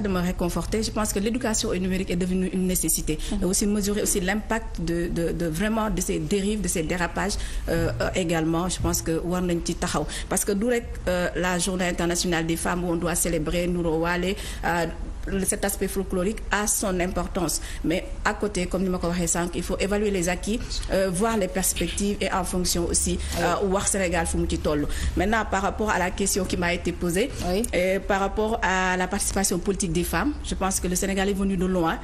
de me réconforter. Je pense que l'éducation au numérique est devenue une nécessité. Mm-hmm. Et aussi mesurer aussi l'impact de, vraiment de ces dérives, de ces dérapages euh, euh, également. Je pense que war nañ ci taxaw parce que du rek euh, la journée internationale des femmes on doit célébrer Nouro Wale cet aspect folklorique a son importance mais à côté comme ni ma ko waxee sànq il faut évaluer les acquis euh, les perspectives et en fonction aussi wax euh, Sénégal fu mu ci toll maintenant par rapport à la question qui m'a été posée et euh, par rapport à la participation politique des femmes je pense que le Sénégal est venu de loin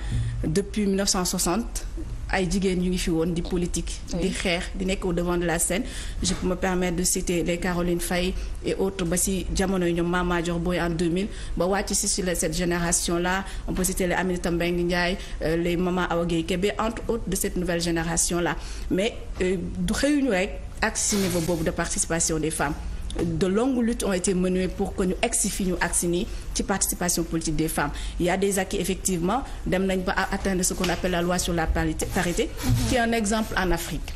depuis 1960 ay jigéen ñu ngi fi woon di politique. di xeex di nekk au devant de la scène je peux me permettre de citer les Caroline Faye et autres ba si jamono yi ñoom Mama Dior Boye en 2000 ba wàcc si sur cette génération là on peut citer les Aminata Mbengue Ndiaye euh, les Mama Awa Guèye Kébé entre autres de cette génération la mais euh, du xëyuñu rek ak si niveau boobu de participation des femmes. de longues luttes ont été menées pour que ñu agsi fi ñu agsi nii ci participation politique des femmes il y a des acquis effectivement dem nañ ba atteindre ce qu'on appelle la loi sur la parité parité mhm. un exemple en Afrique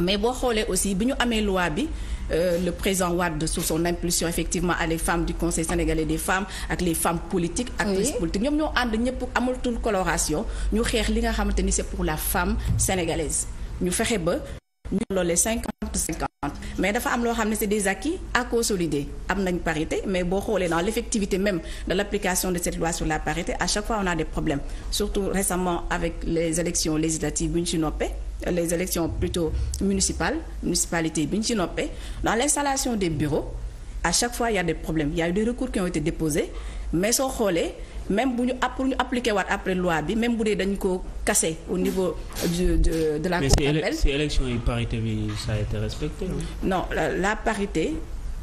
mais boo xoolee aussi bi ñu amee loi bi Euh, le président Wade sous son impulsion effectivement à les femmes du conseil sénégalais des femmes ak les femmes politiques actrices oui. politiques ñoom ñoo ànd ñëpp amatul coloration ñu xeex li nga xamante ni c'est pour la femme sénégalaise ñu fexe ba ñu loolee cinquante cinquante mais dafa am loo xam ne c'est des acquis à consolider am nañ parité mais boo xoolee dans l'effectivité même de l'application de cette loi sur la parité à chaque fois on a des problèmes surtout récemment avec les élections législatives bu ñu ci noppee les élections plutôt municipales municipalité bi ñu ci noppee dans l'installation des bureaux à chaque fois il a des problèmes il y a eu des recours qui ont été déposés mais soo xoolee même bu ñu pour ñu appliquer waat après loi bi même bu dee dañ ko casser au niveau de de, de la cour d'appel si élection yi parité bi ça a été respecté non la, la parité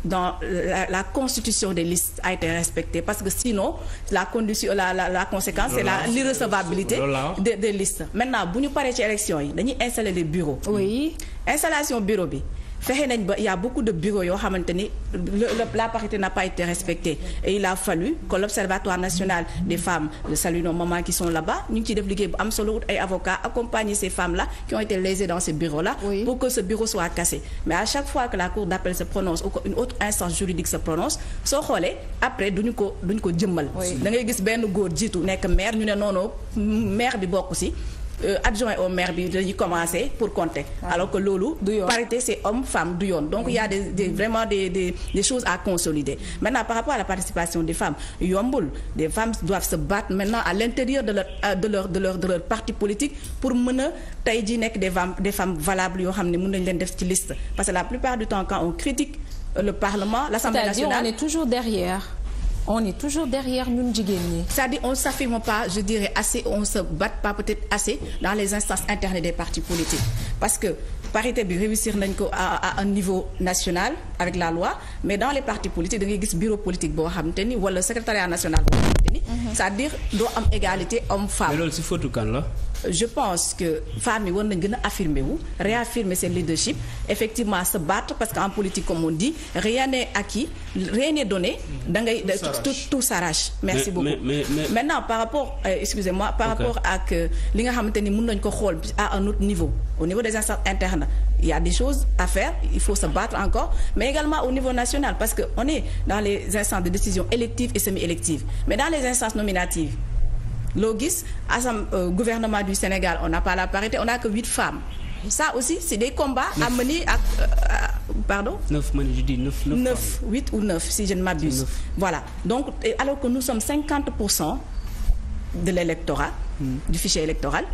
dans la, la constitution des listes a été respectée parce que sinon la condition la la la conséquence c'est la l'irrecevabilité des de listes maintenant bu ñu paree ci élection yi dañuy installer les bureaux oui installation bureau bi fexe nañ ba y' a beaucoup de bureaux yoo xamante ni la parité n'a pas été respectée fallu que l'observatoire national de femmes je salue nos mamans qui ñu ngi ciy def liggéey bu am solo wut ay avocats accompagner ces femmes là qui ont été lésées dans ces bureaux là. Oui. pour que bureau soit cassé mais à chaque fois que la cour d'appel prononce ou qu'une autre instance juridique se prononce soo xoolee après duñu ko du duñu ko jëmmal. da ngay gis benn góor jiitu nekk maire ñu ne noonu maire bi bokk si. Euh, adjoint au maire bi dañuy commencer pour compter alors que loolu parité c'est homme femme du yoon donc il a mm-hmm. des, des des, choses à consolider mm-hmm. maintenant par rapport à la participation des femmes yombul des femmes doivent se battre maintenant à l'intérieur de leur euh, parti politique pour mën a tey jii nekk des femmes des femmes valables yoo xam ne mën nañ leen def ci liste parce que la plupart du temps quand on critique le parlement l'Assemblée nationale cest on est toujours derrière ñun jigéen ñi. c'est-à-dire on s'affirme pas je dirais assez on se bat pas peut-être assez dans les instances internes des partis politiques parce que parité bi réussir nañ ko à un niveau national avec la loi mais dans les partis politiques da ngay gis bureau politique boo xamante ni wala secrétariat national boo xamante ni. Mhm. c'est-à-dire doo am égalité homme femme. mais loolu si fautu kan la. je pense que femmes yi war nañ gën a affirmer wu réaffirmer seen leadership effectivement sa battre parce que en politique comme on dit rien n'est acquis rien n'est donné mm. da tout tout s'arrache merci beaucoup maintenant par rapport euh, excusez-moi par rapport ak li nga xamante ni mën nañ ko xool à un autre niveau au niveau des instances internes il y a des choses à faire il faut se battre encore mais également au niveau national parce que on est dans les instances de décision électives et loo gis asam euh, gouvernement du Sénégal on n'a pas la parité on n'a que huit femmes ça aussi c'est des combats à mener ak euh, euh, pardon neuf man je dis neuf neuf huit ou neuf si je ne voilà donc alors que nous sommes cinquante pour cent de l'électorat hmm. du fichier électoral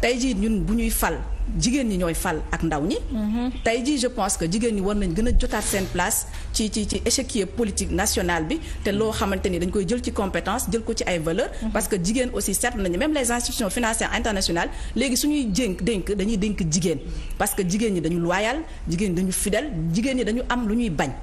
tey jii ñun bu ñuy fal jigéen ñi ñooy fal ak ndaw ñi. Mhm. tey jii je pense que jigéen ñi war nañ gën a jotaat seen place ci ci ci échiquier politique nationale bi te loo xamante ni dañ koy jël ci compétence jël ko ci ay valeur mhm. parce que jigéen aussi certes nañu même les institutions financières internationales léegi suñuy jénk dénk dañuy dénk jigéen parce que jigéen ñi dañu loyal jigéen ñi dañu fidèle jigéen ñi dañu am lu ñuy bañ.